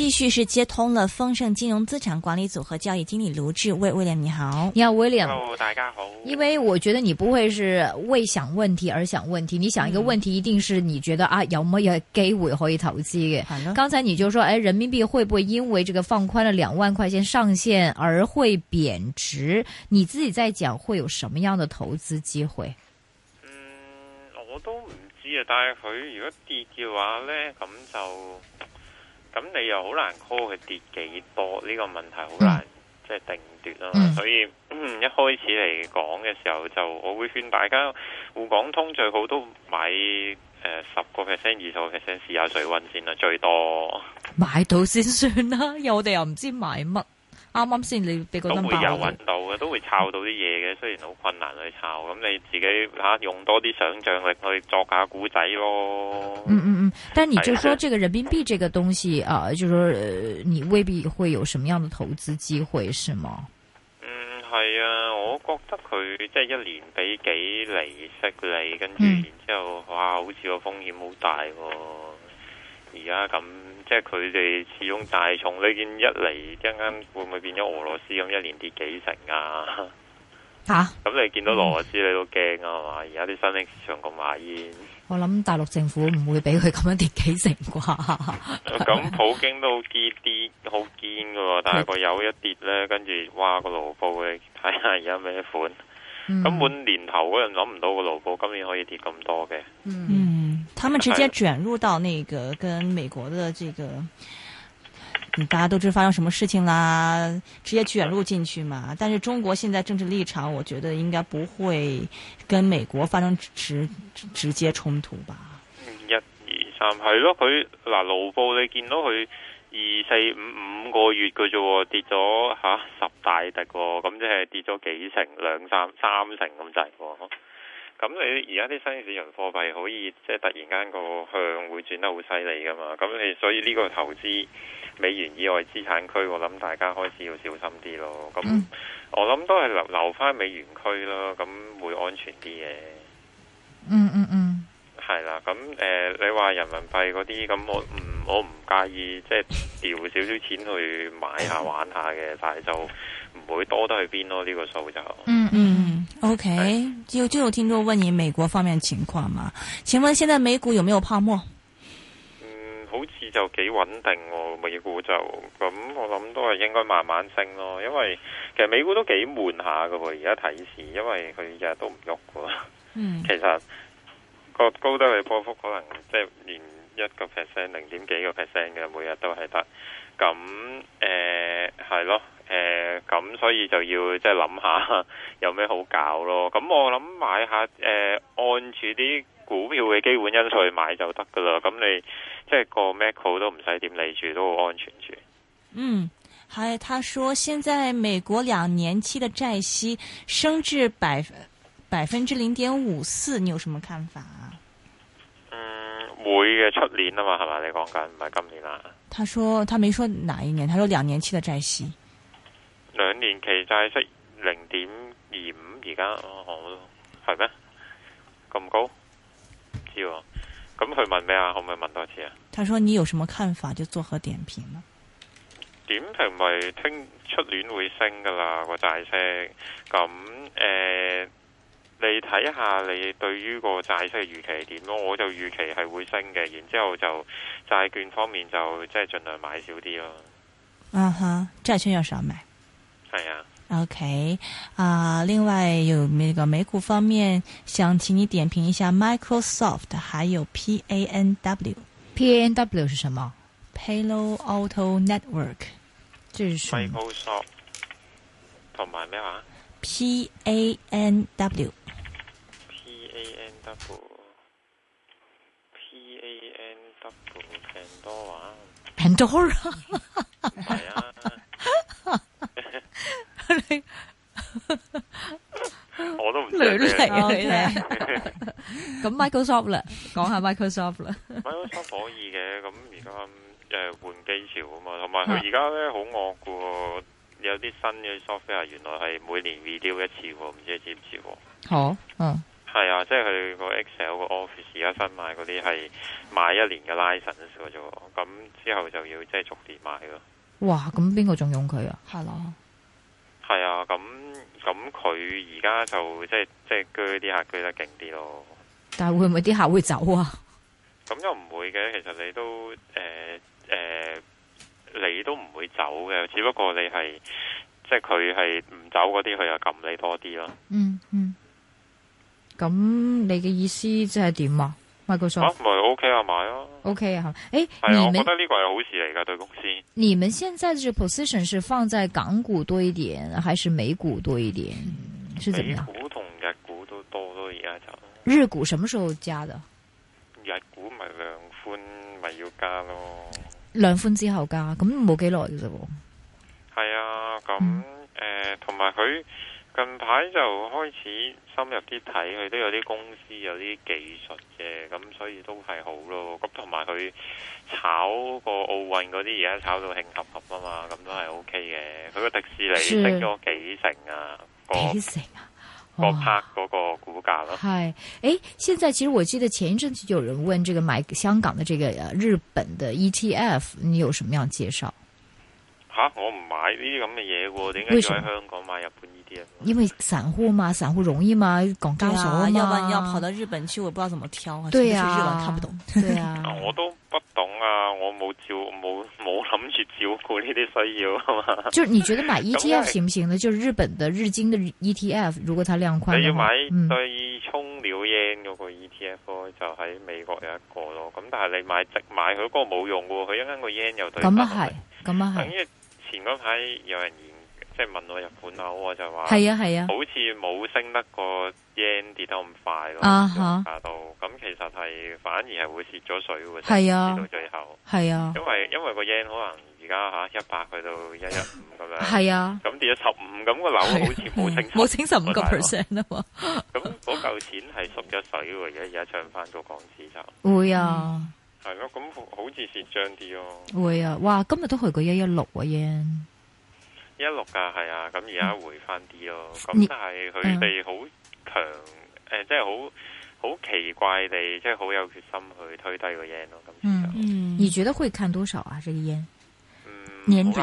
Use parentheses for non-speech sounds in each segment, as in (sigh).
繼續是接通了豐盛金融資產管理組合交易經理盧志威威廉你好，你好威廉，William、Hello, 大家好。因為我覺得你不會是為想問題而想問題，嗯、你想一個問題一定是你覺得啊，有冇嘢機會可以投資嘅。剛才你就說，哎，人民幣會不會因為這個放寬了兩萬塊錢上限而會貶值？你自己在講會有什麼樣的投資機會？嗯，我都唔知啊，但係佢如果跌嘅話呢，咁就。咁你又好難 call 佢跌幾多呢？這個問題好難、嗯、即係定奪啦，嗯、所以、嗯、一開始嚟講嘅時候就我會勸大家滬港通最好都買誒十個 percent 二十個 percent 試下水温先啦，最多買到先算啦，又我哋又唔知買乜。.啱啱先你俾個諗法，啊、都會有搵到嘅，都會抄到啲嘢嘅。雖然好困難去抄，咁你自己吓用多啲想象力去作下古仔咯。嗯嗯嗯，但係你就說這個人民幣這個東西啊，是的就說你未必會有什麼樣的投資機會，是嗎？嗯，係啊，我覺得佢即係一年俾幾厘息你，跟住然之後，嗯、然後哇，好似個風險好大喎、哦。而家咁，即係佢哋始終大重呢件一嚟，一陣間會唔會變咗俄羅斯咁，一年跌幾成啊？吓、啊！咁你見到俄羅斯、嗯、你都驚啊嘛？而家啲新興市場咁買煙，我諗大陸政府唔會俾佢咁樣跌幾成啩？咁 (laughs) (laughs) 普京都好堅啲，好堅噶，但係佢有一跌咧，跟住哇個盧布你睇下而家咩款。嗯、根本年頭嗰陣諗唔到個盧布今年可以跌咁多嘅。嗯，是他們直接捲入到那個跟美國的這個，大家都知道發生什麼事情啦，直接捲入進去嘛。嗯、但是中國現在政治立場，我覺得應該不會跟美國發生直直接衝突吧。一、二、三，係咯，佢嗱盧布你見到佢。二四五五個月嘅啫，跌咗吓、啊、十大滴喎，咁即係跌咗幾成、兩三三成咁滯。咁你而家啲新市場貨幣可以即係突然間個向會轉得好犀利噶嘛？咁你所以呢個投資美元以外資產區，我諗大家開始要小心啲咯。咁、嗯、我諗都係留留翻美元區咯，咁會安全啲嘅。嗯嗯嗯，係啦。咁誒、呃，你話人民幣嗰啲咁，我唔。嗯我唔介意即係掉少少錢去買下玩下嘅，但係就唔會多得去邊咯。呢個數就嗯嗯，OK。有但就有聽眾問你美國方面情況嘛？請問現在美股有沒有泡沫？嗯，好似就幾穩定哦。美股就咁，我諗都係應該慢慢升咯。因為其實美股都幾悶下噶。而家睇市，因為佢日日都唔喐嘅。嗯，其實個高低嘅波幅可能即係連。一個 percent 零點幾個 percent 嘅，每日都係得。咁誒係咯，誒咁所以就要即係諗下有咩好搞咯。咁我諗買下誒按住啲股票嘅基本因素去買就得噶啦。咁你即係個 macro 都唔使點理住，都好安全住。嗯，還他說，現在美國兩年期嘅債息升至百分——百分之零點五四，你有什麼看法？年啊？嘛，係嘛，你講緊唔係今年啦。他說他沒說哪一年，他說兩年期嘅債息。兩年期債息零點二五而家，哦，好，係咩咁高？唔知喎，咁佢問咩啊？可唔可以問多次啊？他說你有什麼看法？就作何點評呢？點評咪聽出年會升噶啦個債息咁誒。睇下你對於個債息預期係點咯，我就預期係會升嘅。然之後就債券方面就即係盡量買少啲咯。啊哈、uh，huh，債券要少買。係啊。OK 啊，另外有那個美股方面，想請你點評一下 Microsoft，還有 P A N W。P A N W 是什麼？Palo Auto Network。就是 Microsoft 同埋咩話？P A N W。W P A N W Pandora，係啊，我都唔知嘅。咁 Microsoft 啦，講下 Microsoft 啦。Microsoft 可以嘅，咁而家誒換機潮啊嘛，同埋佢而家咧好惡嘅喎，有啲新嘅 software 原來係每年 review 一次喎，唔知你知唔知喎？好。分買嗰啲係買一年嘅 license 啫，咁之後就要即係逐年買，嘩，隔壁隔壁隔壁咯。哇！咁邊個仲用佢啊？係咯，係啊！咁咁佢而家就即係即係鋸啲客鋸得勁啲咯。但係會唔會啲客會走啊？咁又唔會嘅。其實你都誒誒、呃呃，你都唔會走嘅。只不過你係即係佢係唔走嗰啲，佢又撳你多啲咯、嗯。嗯嗯。咁你嘅意思即係點啊？外國唔係 OK 啊買啊，OK 好，誒、欸，係是們我覺得呢個係好事嚟噶對公司。你們現在嘅 position 是放在港股多一點，還是美股多一點？是點樣？港股同日股都多咗而家就。日股什麼時候加的？日股咪兩寬咪要加咯。兩寬之後加，咁冇幾耐嘅啫。係啊，咁、嗯、誒，同埋佢。近排就開始深入啲睇，佢都有啲公司有啲技術嘅，咁所以都係好咯。咁同埋佢炒個奧運嗰啲，而家炒到興合合啊嘛，咁都係 O K 嘅。佢個迪士尼升咗幾成啊？是各幾成啊？降拍嗰個股價咯。係，誒、欸，現在其實我記得前一陣子有人問，這個買香港的這個日本的 ETF，你有什麼樣介紹？吓、啊，我唔買呢啲咁嘅嘢，點解再喺香港買日本？因為散戶嘛，散戶容易嘛，講大話、啊、要不然要跑到日本去，我不知道怎麼挑。對啊，日本看不懂。對啊、 (laughs) 我都不懂啊，我冇照冇冇諗住照顧呢啲需要啊嘛。 (laughs) 就你覺得買 ETF 行唔行呢？ (laughs) 是就日本的日經的 ETF，如果它量寬，你要買、嗯、對沖了 yen 個 ETF、哦、就喺、是、美國有一個咯。咁但係你買直買佢嗰個冇用噶、哦，佢一間個 yen 又對。咁係，咁啊係。前排有人。即係問我日本樓就話係啊係啊，啊好似冇升得個 yen 跌得咁快咯啊，吓，度咁、uh huh. 其實係反而係會蝕咗水喎，係啊，到最後係啊因，因為因為個 yen 可能而家吓一百去到一一五咁樣，係啊，咁跌咗十五咁個樓好似冇升冇升十五個 percent 啊嘛，咁嗰嚿錢係縮咗水嘅，而家唱翻到港紙就會啊，係咯、嗯，咁好似蝕賬啲咯，會啊，哇，今日都去過一一六 yen。一六噶係啊，咁而家回翻啲咯。咁、嗯、但係佢哋好強，誒你，即係好好奇怪地，即係好有決心去推低個 yen 咯。咁嗯，嗯你覺得會看多少啊？這個 yen 嗯，難講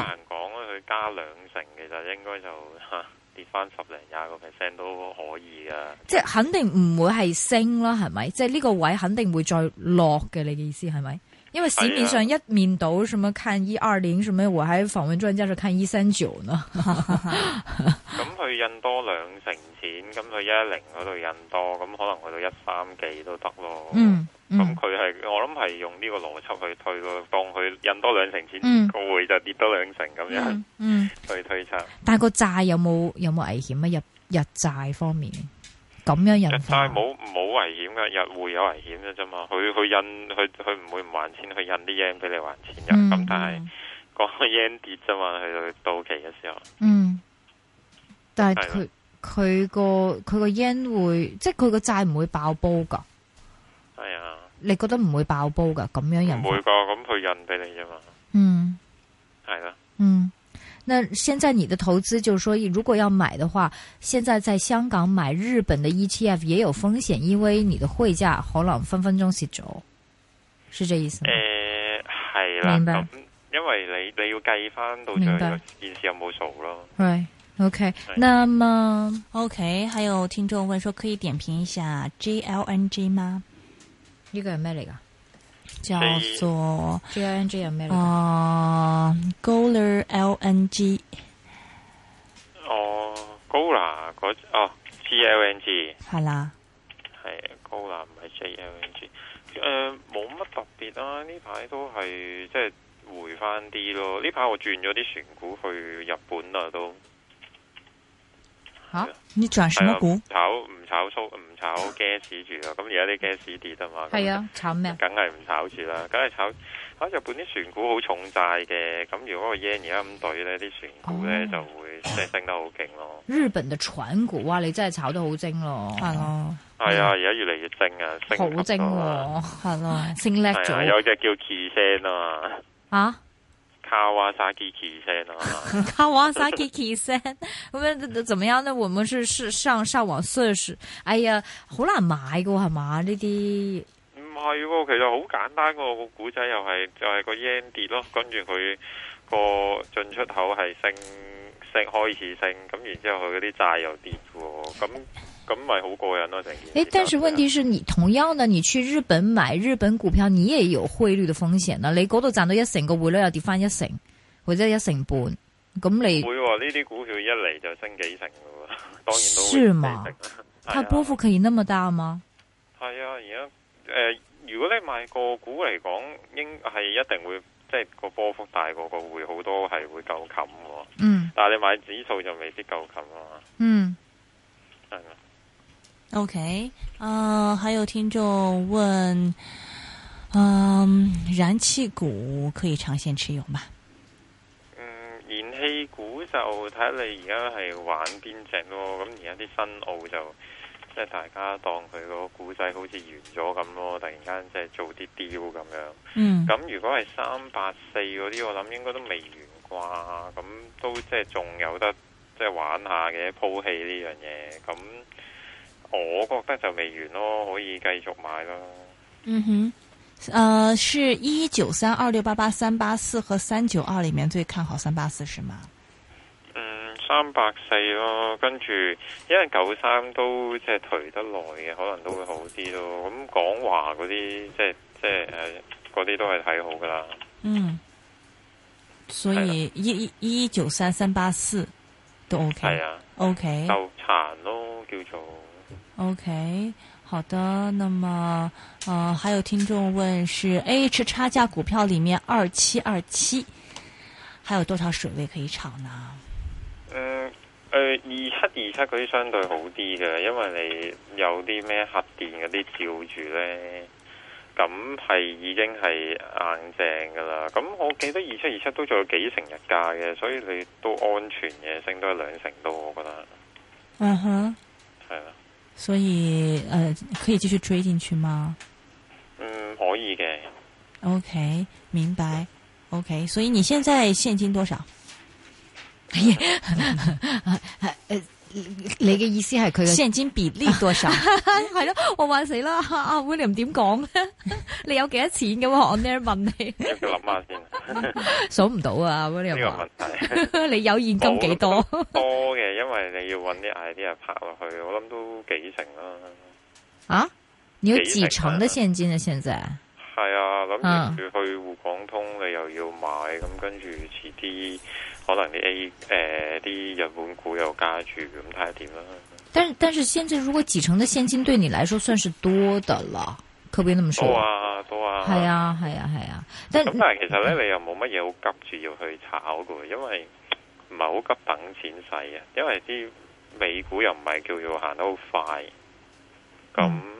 啊，佢加兩成，其實應該就吓跌翻十零廿個 percent 都可以噶，啊。即係肯定唔會係升啦，係咪？即係呢個位肯定會再落嘅，你嘅意思係咪？是不是因為市面上一面倒，啊、什麼看一二零，什麼我還訪問專家是看一三九呢。咁佢印多兩成錢，咁佢一一零嗰度印多，咁可能去到一三幾都得咯。嗯，咁佢係我諗係用呢個邏輯去推咯，當佢印多兩成錢，個匯就跌多兩成咁樣。嗯，去推測。但個債有冇有冇危險啊？日債方面。咁樣印，債冇冇危險嘅，日會有危險嘅啫嘛。佢佢印，佢佢唔會唔還錢，佢印啲 yen 俾你還錢嘅。咁、嗯、但係嗰個 yen 跌啫嘛，佢到期嘅時候。嗯，但係佢佢個佢個 yen 會，即係佢個債唔會爆煲噶。係啊的，你覺得唔會爆煲噶？咁樣印唔會噶，咁佢印俾你啫嘛。嗯，係啦的。嗯。那現在你的投資就是說，如果要買的話，現在在香港買日本的 ETF 也有風險，因為你的匯價好，可能分分鐘蝕咗，是這意思嗎？誒、欸，係啦白、嗯，因為你你要計翻到最後，白件事有冇數咯 Right, OK 那麼 OK，還有聽眾問說，可以點評一下 GLNG 嗎？呢個係咩嚟㗎？叫做 G L N G 有咩？Golar LNG。哦，Golar 嗰隻哦，G L N G。係啦、啊，係 Golar，唔係 G L N G。誒，冇乜特別啦，啊。呢排都係即係回翻啲咯。呢排我轉咗啲船股去日本啦，都。啊、你賺什麼股？啊、不炒唔炒蘇？唔炒 gas 住咯？咁而家啲 gas 跌啊嘛？係啊，啊，啊，炒咩？梗係唔炒住啦，梗係炒。喺日本啲船股好重債嘅，咁如果個 yen 而家咁兌咧，啲船股咧就會升升得好勁咯。日本嘅船股哇，你真係炒得好精咯，係咯。係啊，而家越嚟越精啊，升好精，係咯，升叻咗。有隻叫 Kisen 啊。啊？卡哇沙基奇聲啊，卡哇沙基奇聲，咁樣，怎麼樣？呢？我們是是上上網算是，哎呀，好難買噶係嘛？呢啲唔係喎，其實好簡單噶，就是，個故仔又係就係個 yen 跌咯，跟住佢個進出口係升升開始升，咁然之後佢嗰啲債又跌喎，咁，嗯。 (laughs) 咁咪好過癮咯，成件誒，但是問題是你同樣呢，你去日本買日本股票，你也有匯率嘅風險啦。你嗰度賺到一成個，個匯率又跌翻一成或者一成半，咁你唔會喎、啊？呢啲股票一嚟就升幾成噶喎，當然都會升。係嘛嗎？佢、哎、呀波幅其實那麼大嘛？係啊、哎，而家、呃、如果你買個股嚟講，應係一定會即係個波幅大過個匯好多，係會夠冚嘅。嗯。但係你買指數就未必夠冚啊，嗯。係啊。OK，嗯、呃，還有聽眾問，嗯、呃，燃氣股可以長線持有嗎？嗯、燃氣股就睇你而家係玩邊隻咯。咁而家啲新奧，就即係大家當佢個股仔好似完咗咁咯，突然間即係做啲雕咁樣。嗯，咁如果係三八四嗰啲，我諗應該都未完啩。咁都即係仲有得即係玩下嘅，鋪氣呢樣嘢咁。我覺得就未完咯，可以繼續買咯。嗯哼，誒、呃，是一一九三二六八八三八四和三九二裏面最看好三八四，是嗎？嗯，三百四咯，跟住因為九三都即係退得耐嘅，可能都會好啲咯。咁港華嗰啲即係即係誒，嗰啲都係睇好㗎喇。嗯，所以一、啊、一,一九三三八四都 OK 係啊，OK 就殘咯，叫做。O.K. 好的，那麼，啊、呃，還有聽眾問是 A.H. 差價股票裏面二七二七，還有多少水位可以炒呢？嗯，誒、呃，二七二七啲相對好啲嘅，因為你有啲咩核電嗰啲照住咧，咁係已經係硬淨噶啦。咁我記得二七二七都仲有幾成日價嘅，所以你都安全嘅，升到兩成多，我覺得。嗯哼。所以，呃，可以繼續追進去嗎？嗯，可以的。OK，明白。OK，所以你現在現金多少？哎呀。你嘅意思係佢嘅現金比例多少？係咯、啊， (laughs) 我話死啦，阿、啊、William 點講咧？ (laughs) (laughs) 你有幾多錢嘅？我 on there 問你。諗下先 (laughs) 數不，數唔到啊！阿 William 呢個問題， (laughs) 你有現金幾多？多嘅，因為你要搵啲 idea 拍落去，我諗都幾成啦。啊，你有幾成的現金啊？現在？係啊，諗住去滬港通你又要買，咁跟住遲啲可能啲 A 誒、呃、啲日本股又加住，咁睇下點啦。但是但是現在如果幾成的現金對你來說算是多的啦，可唔可以咁說？多啊，多啊。係啊，係啊，係啊。咁但係其實咧，嗯、你又冇乜嘢好急住要去炒嘅，因為唔係好急等錢使啊。因為啲美股又唔係叫要行得好快，咁、嗯。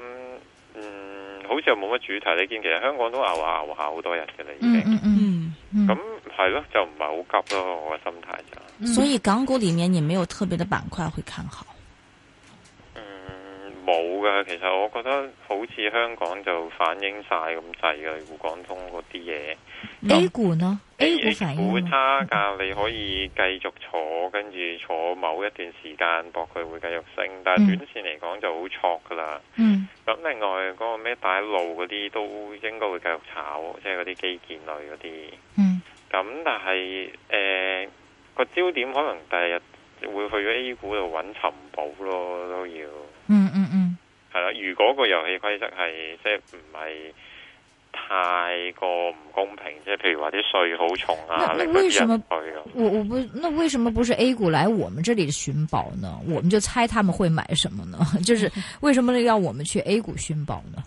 好似又冇乜主題，你見其實香港都熬下熬下好多日嘅啦，已經、嗯。嗯嗯嗯，咁係咯，就唔係好急咯，我嘅心態就。所以港股裏面你沒有特別嘅板塊會看好？嗯，冇噶，其實我覺得好似香港就反映晒咁滯嘅，滬港通嗰啲嘢。A 股呢？A 股反映？股差價你可以繼續坐，跟住坐某一段時間博佢會繼續升，但係短線嚟講就好挫噶啦。嗯。嗯咁另外嗰、嗰個咩大路嗰啲都應該會繼續炒，即係嗰啲基建類嗰啲。咁、嗯、但係誒個焦點可能第二日會去咗 A 股度揾尋寶囉，都要。係啦、嗯嗯嗯，如果個遊戲規則係即係唔係？就是太過唔公平，即係譬如話啲稅好重啊，嚟入去咁、啊。我我不，那為什麼不是 A 股來我們這裏尋寶呢？我們就猜他們會買什麼呢？就是為什麼要我們去 A 股尋寶呢？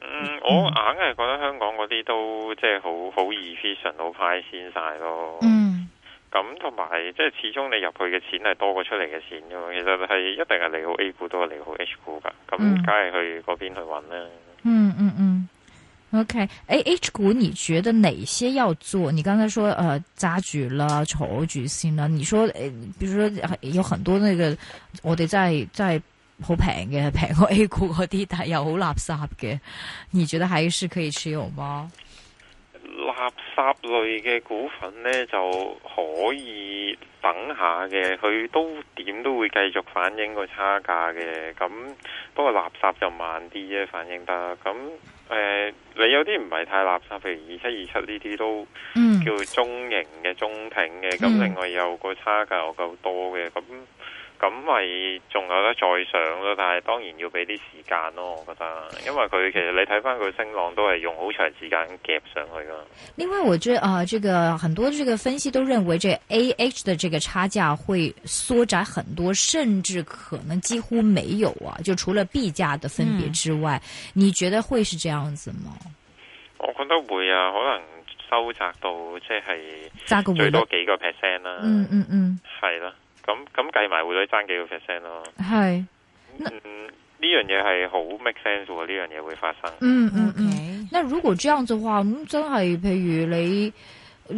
嗯，嗯我硬係覺得香港嗰啲都即係、e 嗯、好好 efficient，好快先晒咯。嗯，咁同埋即係始終你入去嘅錢係多過出嚟嘅錢噶嘛。其實係一定係利好 A 股多過利好 H 股噶，咁梗係去嗰邊去揾啦。嗯嗯嗯。O K，A H、ah、股你覺得哪些要做？你剛才說，呃，揸住啦，坐住先啦，你說，誒、呃，比如說，有很多那個，我哋真係好平嘅，平過 A 股嗰啲，但又好垃圾嘅，你覺得還是可以持有嗎？垃圾類嘅股份咧就可以等下嘅，佢都點都會繼續反映個差價嘅，咁不過垃圾就慢啲啫，反映得咁。誒、呃，你有啲唔係太垃圾，譬如二七二七呢啲都叫中型嘅中挺嘅，咁、mm. 另外有個差價又夠多嘅咁。咁咪仲有得再上咯，但係當然要俾啲時間咯，我覺得，因為佢其實你睇返佢升浪都係用好長時間夾上去噶。另外我覺得，我知啊，這個很多這個分析都認為，這 A H 的這個差價會縮窄很多，甚至可能幾乎沒有啊。就除了 B 價的分別之外，嗯、你覺得會是這樣子嗎？我覺得會啊，可能收窄到即係最多幾個 percent 啦、啊。嗯嗯嗯，係、嗯、啦。計埋會再爭幾個 percent 咯，係，呢、嗯、樣嘢係好 make sense 喎，呢樣嘢會發生，嗯嗯嗯，嗯嗯 Okay. 那如果這樣嘅話，咁真係，譬如你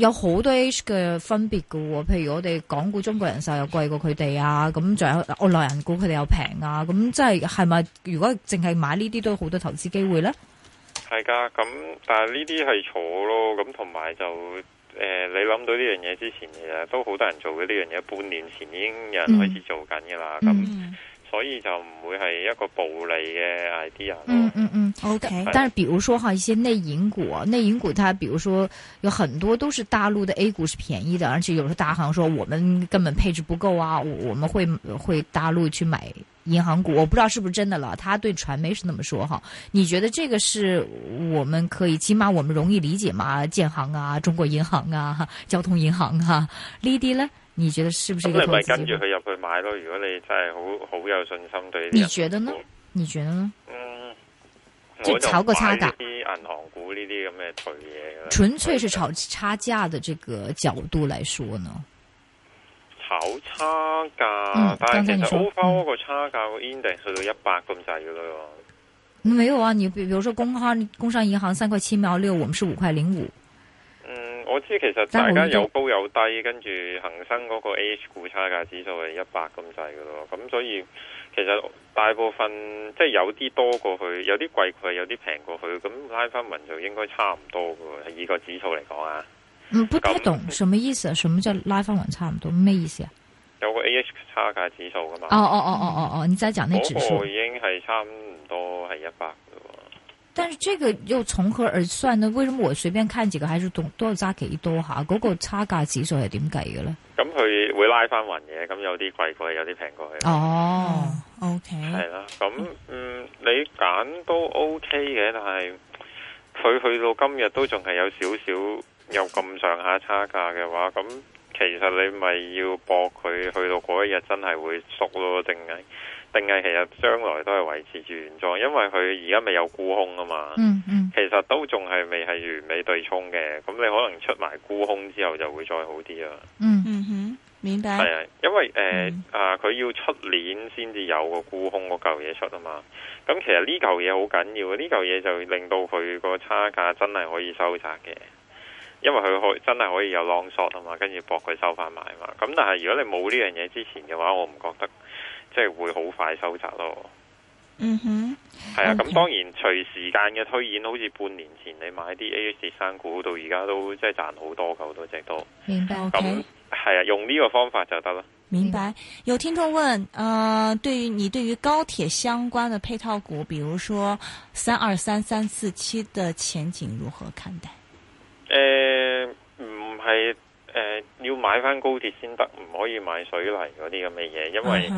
有好多 H 嘅分別噶、哦，譬如我哋港股中國人壽又貴過佢哋啊，咁仲有外來人股佢哋又平啊，咁即係係咪如果淨係買呢啲都好多投資機會咧？係噶，咁但係呢啲係坐咯，咁同埋就。誒、呃，你諗到呢樣嘢之前，其實都好多人做嘅呢樣嘢。半年前已經有人開始做緊噶啦，咁所以就唔會係一個暴利嘅 idea、嗯。嗯嗯嗯，OK 是。但是，比如說哈，一些內銀股，內銀股，它，比如說有很多都是大陸的 A 股是便宜的，而且有時候大家可能說，我們根本配置不夠啊，我們會會大陸去買。銀行股，我不知道是不是真的了。他對傳媒是那麼說哈，你覺得這個是我們可以，起碼我們容易理解嘛？建行啊，中國銀行啊，交通銀行哈、啊，呢啲呢，你覺得是不是一個投資？那咪跟住去入去買咯？如果你真係好好有信心對，你覺得呢？你覺得呢？嗯，就炒個差價。銀行股呢啲咁嘅嘢，純粹是炒差價的這個角度來說呢？炒差價，嗯、但係其實高拋嗰個差價個 index 去到一百咁滯嘅咯。沒有啊，你比，比如說工商工商銀行三塊七秒六，我們是五塊零五。嗯，我知其實大家有高有低，跟住恒生嗰個 AH 股差價指數係一百咁滯嘅咯。咁所以其實大部分即係有啲多過去，有啲貴佢，有啲平過去，咁拉翻勻就應該差唔多嘅。以個指數嚟講啊。嗯，不太懂、嗯、什麼意思，啊？什麼叫拉翻勻，差唔多咩意思啊？有個 A、AH、x 差價指數噶嘛？哦哦哦哦哦哦，你再講那指數。嗰個已經係差唔多係一百噶。但是這個又從何而算呢？為什麼我隨便看幾個還是都多揸幾多下？哈、那個，嗰個差價指數係點計嘅咧？咁佢會拉翻勻嘅，咁有啲貴過，有啲平過。哦，OK。係啦，咁嗯，嗯，嗯，你揀都 OK 嘅，但係佢去到今日都仲係有少少。有咁上下差價嘅話，咁其實你咪要搏佢去到嗰一日真係會縮咯，定係定係其實將來都係維持住原狀，因為佢而家未有沽空啊嘛。嗯嗯，其實都仲係未係完美對沖嘅，咁你可能出埋沽空之後就會再好啲啦。嗯嗯哼，明白。係啊，因為誒、呃嗯、啊，佢要出年先至有個沽空嗰嚿嘢出啊嘛。咁其實呢嚿嘢好緊要啊，呢嚿嘢就令到佢個差價真係可以收窄嘅。因為佢可真係可以有 long shot 啊嘛，跟住搏佢收翻埋啊嘛。咁但係如果你冇呢樣嘢之前嘅話，我唔覺得即係會好快收窄咯。嗯哼，係啊。咁 okay. 當然隨時間嘅推演，好似半年前你買啲 A 股三股到而家都即係賺好多的，夠多隻都。明白。咁係那 okay. 啊，用呢個方法就得啦。明白。有聽眾問，呃，對於你對於高鐵相關嘅配套股，比如說三二三三四七的前景如何看待？誒，唔係誒，要買翻高鐵先得，唔可以買水泥嗰啲咁嘅嘢，因為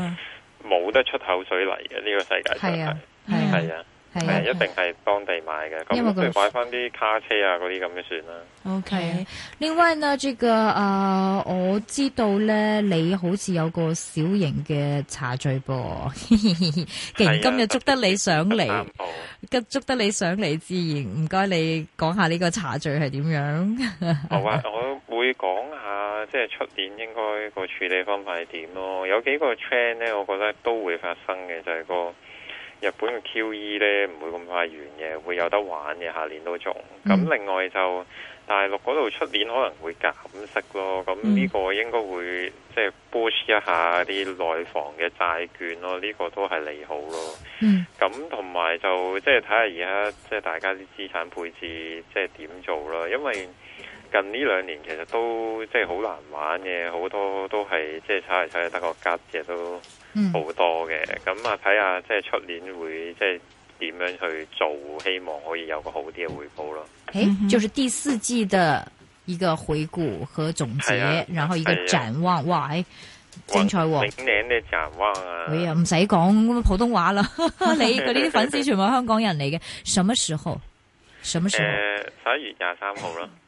冇得出口水泥嘅，呢個世界上係係啊。係，一定係當地買嘅，咁不如擺翻啲卡車啊嗰啲咁樣算啦。OK，、嗯、另外呢，這個啊，我知道呢，你好似有個小型嘅茶聚噃， (laughs) 既然今日捉得你上嚟， (laughs) 捉得你上嚟自然唔該你講下呢個茶聚係點樣。好 (laughs) 啊，我會講下，即係出年應該個處理方法係點咯。有幾個 trend 咧，我覺得都會發生嘅，就係、是、個。日本嘅 QE 咧，唔會咁快完嘅，會有得玩嘅，下年都仲。咁另外就大陸嗰度出年可能會減息咯，咁呢個應該會即係 boost 一下啲內房嘅債券咯，呢個都係利好咯。咁同埋就即係睇下而家即係大家啲資產配置即係點做囉，因為。近呢兩年其實都即係好難玩嘅，好多都係即係踩嚟踩去得個吉嘅都好多嘅。咁啊睇下即係出年會即係點樣去做，希望可以有個好啲嘅回報咯。咦、欸，嗯、哼就係第四季嘅一個回顧和總結，啊、然後一個展望，啊、哇！精彩喎、哦！明年嘅展望啊，佢、呃、呀，唔使講普通話啦，你佢呢啲粉絲全部係香港人嚟嘅，什麼時候？什麼時候？誒十一月廿三號咯。呃呃 (laughs)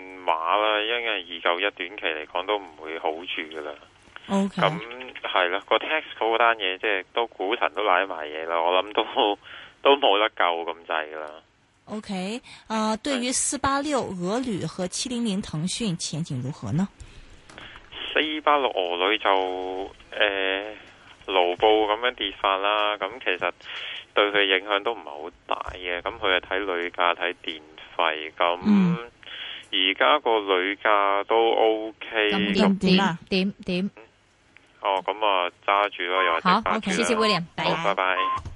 馬啦，因為二九一短期嚟講都唔會好住噶啦。OK，咁係啦，個 tax 嗰單嘢，即係都股神都瀨埋嘢啦，我諗都都冇得救咁滯噶啦。OK，啊，對於四八六俄鋁和七零零騰訊前景如何呢？四八六俄鋁就誒，盧、呃、布咁樣跌法啦。咁其實對佢影響都唔係好大嘅。咁佢係睇鋁價睇電費咁。而家個女價都 OK，點，點點點，哦咁啊，揸住咯，又係揸住。好，OK，謝謝 William，拜拜。拜拜。